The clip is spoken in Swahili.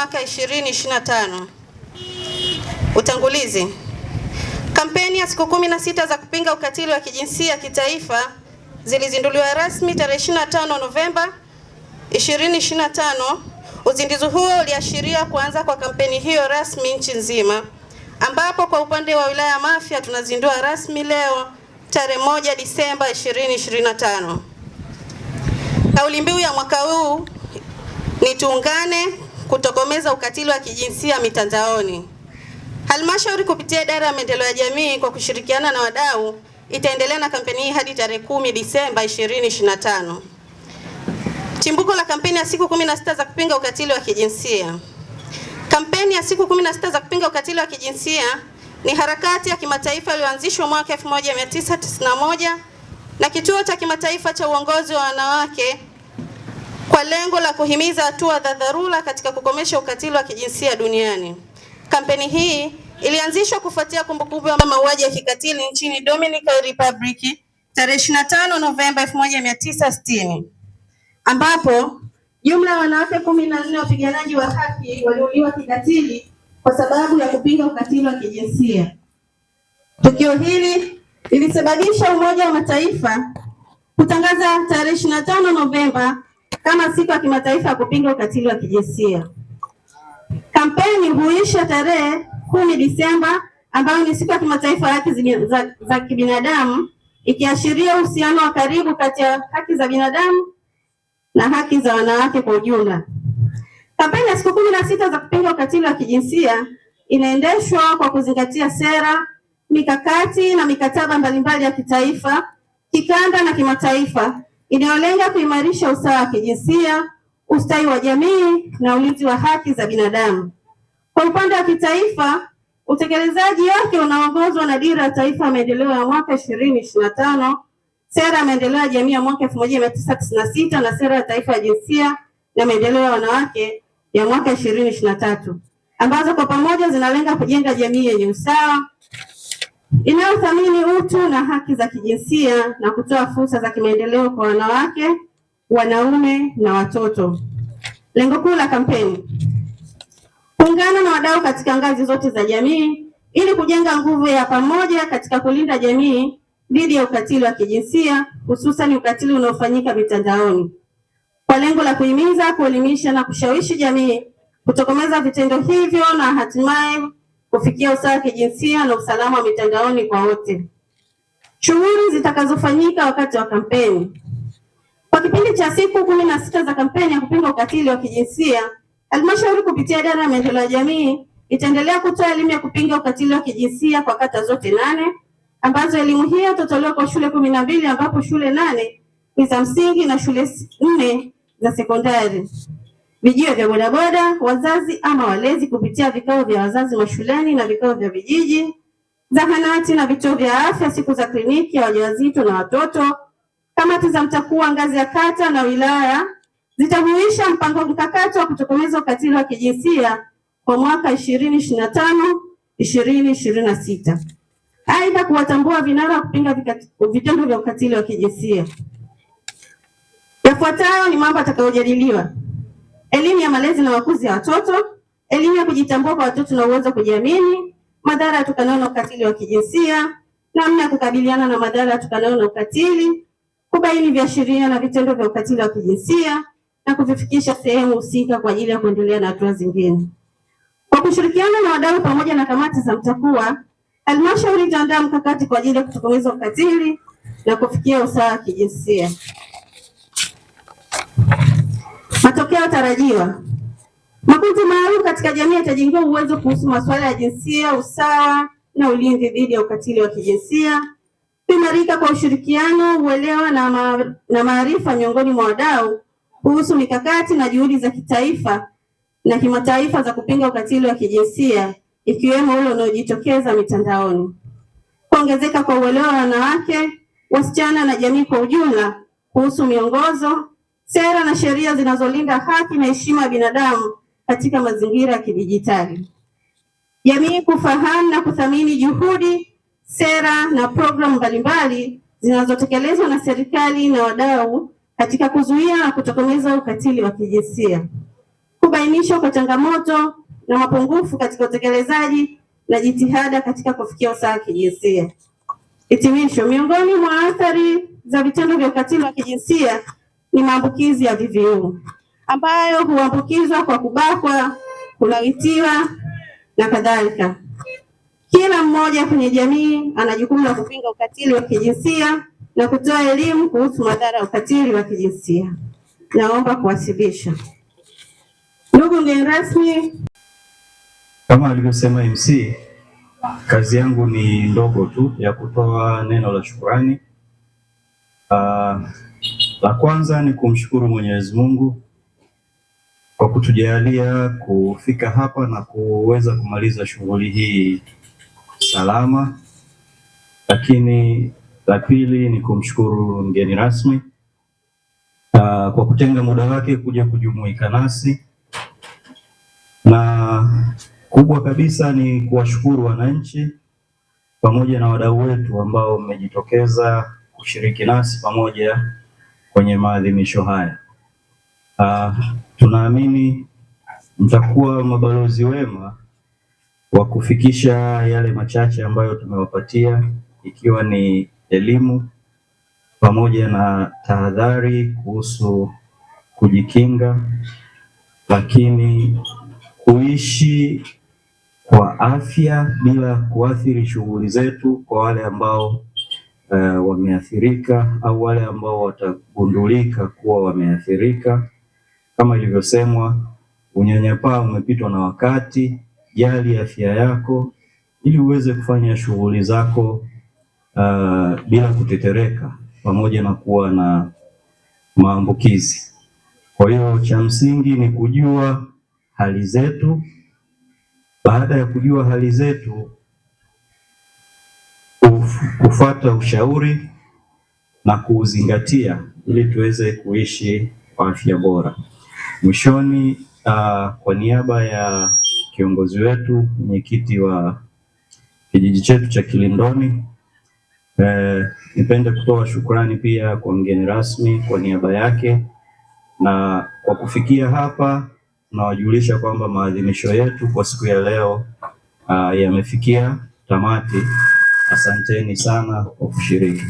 mwaka 2025. Utangulizi. Kampeni ya siku 16 za kupinga ukatili wa kijinsia kitaifa zilizinduliwa rasmi tarehe 25 Novemba 2025. Uzinduzi huo uliashiria kuanza kwa kampeni hiyo rasmi nchi nzima, ambapo kwa upande wa wilaya ya Mafia tunazindua rasmi leo tarehe 1 Disemba 2025. Kauli mbiu ya mwaka huu ni tuungane kutokomeza ukatili wa kijinsia mitandaoni. Halmashauri kupitia idara ya maendeleo ya jamii kwa kushirikiana na wadau itaendelea na kampeni hii hadi tarehe kumi Disemba 2025. Chimbuko la kampeni ya siku 16 za kupinga ukatili wa kijinsia. Kampeni ya siku 16 za kupinga ukatili wa kijinsia ni harakati ya kimataifa iliyoanzishwa mwaka 1991 na kituo cha kimataifa cha uongozi wa wanawake kwa lengo la kuhimiza hatua za dharura katika kukomesha ukatili wa kijinsia duniani. Kampeni hii ilianzishwa kufuatia kumbukumbu ya mauaji ya kikatili nchini Dominican Republic tarehe 25 Novemba 1960 ambapo jumla ya wanawake kumi na nne wapiganaji wa haki waliuliwa kikatili kwa sababu ya kupinga ukatili wa kijinsia. Tukio hili lilisababisha Umoja wa Mataifa kutangaza tarehe 25 Novemba kama siku ya kimataifa ya kupinga ukatili wa kijinsia. Kampeni huisha tarehe kumi Disemba ambayo ni siku ya kimataifa ya haki za, za kibinadamu ikiashiria uhusiano wa karibu kati ya haki za binadamu na haki za wanawake kwa ujumla. Kampeni ya siku kumi na sita za kupinga ukatili wa kijinsia inaendeshwa kwa kuzingatia sera, mikakati na mikataba mbalimbali ya kitaifa, kikanda na kimataifa inayolenga kuimarisha usawa wa kijinsia, ustawi wa jamii na ulinzi wa haki za binadamu. Kwa upande wa kitaifa, utekelezaji wake unaongozwa na Dira ya Taifa ya Maendeleo ya mwaka ishirini Sera ya Maendeleo ya Jamii ya mwaka elfu moja mia na Sera ya Taifa ya Jinsia na Maendeleo ya Wanawake ya mwaka ishirini ambazo kwa pamoja zinalenga kujenga jamii yenye usawa inayothamini utu na haki za kijinsia na kutoa fursa za kimaendeleo kwa wanawake, wanaume na watoto. Lengo kuu la kampeni: kuungana na wadau katika ngazi zote za jamii ili kujenga nguvu ya pamoja katika kulinda jamii dhidi ya ukatili wa kijinsia, hususan ukatili unaofanyika mitandaoni, kwa lengo la kuhimiza, kuelimisha na kushawishi jamii kutokomeza vitendo hivyo na hatimaye kufikia usawa wa kijinsia na usalama wa mitandaoni kwa wote. Shughuli zitakazofanyika wakati wa kampeni: kwa kipindi cha siku kumi na sita za kampeni ya kupinga ukatili wa kijinsia, halmashauri kupitia idara ya maendeleo ya jamii itaendelea kutoa elimu ya kupinga ukatili wa kijinsia kwa kata zote nane ambazo elimu hiyo itatolewa kwa shule kumi na mbili ambapo shule nane ni za msingi na shule nne za sekondari vijio vya bodaboda, wazazi ama walezi kupitia vikao vya wazazi mashuleni na vikao vya vijiji, zahanati na vituo vya afya, siku za kliniki ya wajawazito na watoto. Kamati za MTAKUWA ngazi ya kata na wilaya zitahuisha mpango mkakati wa kutokomeza ukatili wa kijinsia kwa mwaka 2025 2026. Aidha, kuwatambua vinara wa kupinga vitendo vya ukatili wa kijinsia. Yafuatayo ni mambo atakayojadiliwa elimu ya malezi na makuzi ya watoto, elimu ya kujitambua kwa watoto na uwezo kujiamini, madhara yatokanayo na ukatili wa kijinsia, namna ya kukabiliana na madhara yatokanayo na ukatili, kubaini viashiria na vitendo vya ukatili wa kijinsia na kuvifikisha sehemu husika kwa ajili ya kuendelea na hatua zingine. Kwa kushirikiana na wadau pamoja na kamati za MTAKUWA, halmashauri itaandaa mkakati kwa ajili ya kutokomeza ukatili na kufikia usawa wa kijinsia. Matokeo tarajiwa: makundi maalum katika jamii yatajengewa uwezo kuhusu masuala ya jinsia, usawa na ulinzi dhidi ya ukatili wa kijinsia, kuimarika kwa ushirikiano, uelewa na maarifa miongoni mwa wadau kuhusu mikakati na juhudi za kitaifa na kimataifa za kupinga ukatili wa kijinsia ikiwemo ule unaojitokeza mitandaoni, kuongezeka kwa uelewa wa wanawake, wasichana na jamii kwa ujumla kuhusu miongozo sera na sheria zinazolinda haki na heshima ya binadamu katika mazingira ya kidijitali. Jamii kufahamu na kuthamini juhudi, sera na programu mbalimbali zinazotekelezwa na serikali na wadau katika kuzuia na kutokomeza ukatili wa kijinsia. Kubainishwa kwa changamoto na mapungufu katika utekelezaji na jitihada katika kufikia usawa wa kijinsia. Hitimisho, miongoni mwa athari za vitendo vya ukatili wa kijinsia ni maambukizi ya VVU ambayo huambukizwa kwa kubakwa, kulawitiwa na kadhalika. Kila mmoja kwenye jamii ana jukumu la kupinga ukatili wa kijinsia na kutoa elimu kuhusu madhara ya ukatili wa kijinsia. Naomba kuwasilisha. Ndugu mgeni rasmi, kama alivyosema MC, kazi yangu ni ndogo tu ya kutoa neno la shukurani. Uh, ah, la kwanza ni kumshukuru Mwenyezi Mungu kwa kutujalia kufika hapa na kuweza kumaliza shughuli hii salama. Lakini la pili ni kumshukuru mgeni rasmi na ah, kwa kutenga muda wake kuja kujumuika nasi, na kubwa kabisa ni kuwashukuru wananchi pamoja na wadau wetu ambao mmejitokeza kushiriki nasi pamoja kwenye maadhimisho haya. Uh, tunaamini mtakuwa mabalozi wema wa kufikisha yale machache ambayo tumewapatia ikiwa ni elimu pamoja na tahadhari kuhusu kujikinga, lakini kuishi kwa afya bila kuathiri shughuli zetu kwa wale ambao uh, wameathirika au wale ambao watagundulika kuwa wameathirika. Kama ilivyosemwa, unyanyapaa umepitwa na wakati. Jali afya yako ili uweze kufanya shughuli zako uh, bila kutetereka, pamoja na kuwa na maambukizi. Kwa hiyo cha msingi ni kujua hali zetu. Baada ya kujua hali zetu kufuata ushauri na kuuzingatia ili tuweze kuishi kwa afya bora. Mwishoni, uh, kwa niaba ya kiongozi wetu mwenyekiti wa kijiji chetu cha Kilindoni eh, nipende kutoa shukrani pia kwa mgeni rasmi kwa niaba yake, na kwa kufikia hapa nawajulisha kwamba maadhimisho yetu kwa siku ya leo uh, yamefikia tamati. Asanteni sana kwa kushiriki.